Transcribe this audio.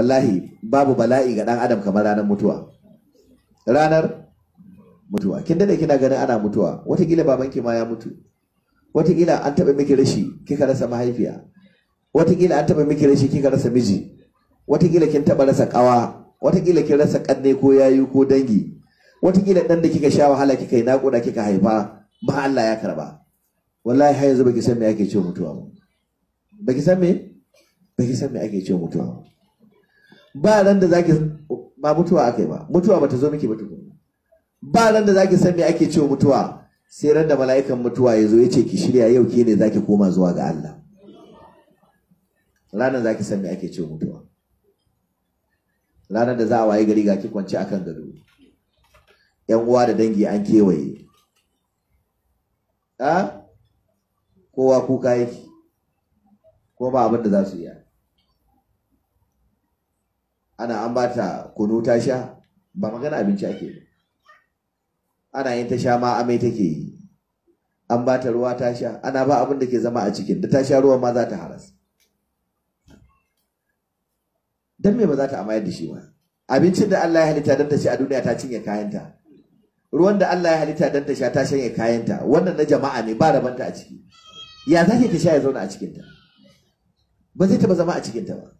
wallahi babu bala'i ga dan adam kamar ranar mutuwa ranar mutuwa kin dade kina ganin ana mutuwa wataƙila babanki ma ya mutu wataƙila an taɓa miki rashi kika rasa mahaifiya wataƙila an taɓa miki rashi kika rasa miji wataƙila kin taɓa rasa ƙawa wataƙila kin rasa ƙanne ko yayu ko dangi wataƙila ɗan da kika sha wahala kika yi naƙuda kika haifa ba Allah ya karba wallahi har yanzu baki san me ake ce mutuwa ba baki san me baki san me ake ce mutuwa ba ba ran da zaki ba mutuwa akai ba mutuwa bata zo miki ba tukun ba ran da zaki san me ake cewa mutuwa sai ran da mala'ikan mutuwa ya zo ya ce ki shirya yau ki ne zaki koma zuwa ga Allah ranar zaki san me ake cewa mutuwa ranar da za a waye gari ga ki kwance akan gado yan uwa da dangi an kewaye a ah? kowa kuka yake ko ba abin da za su yi ana an ta kunu ta sha ba magana abinci ake ba ana yin ta sha ma amai take yi an bata ruwa ta sha ana ba abin da ke zama a cikin da ta sha ruwa ma za ta haras dan me ba za ta amayar da shi ba abincin da Allah ya halitta dan ta ci a duniya ta cinye kayanta ruwan da Allah ya halitta dan ta sha ta shanye kayanta wannan na jama'a ne ba rabanta a ciki ya zaki ta sha ya zauna a cikinta ba zai taba zama a cikinta ba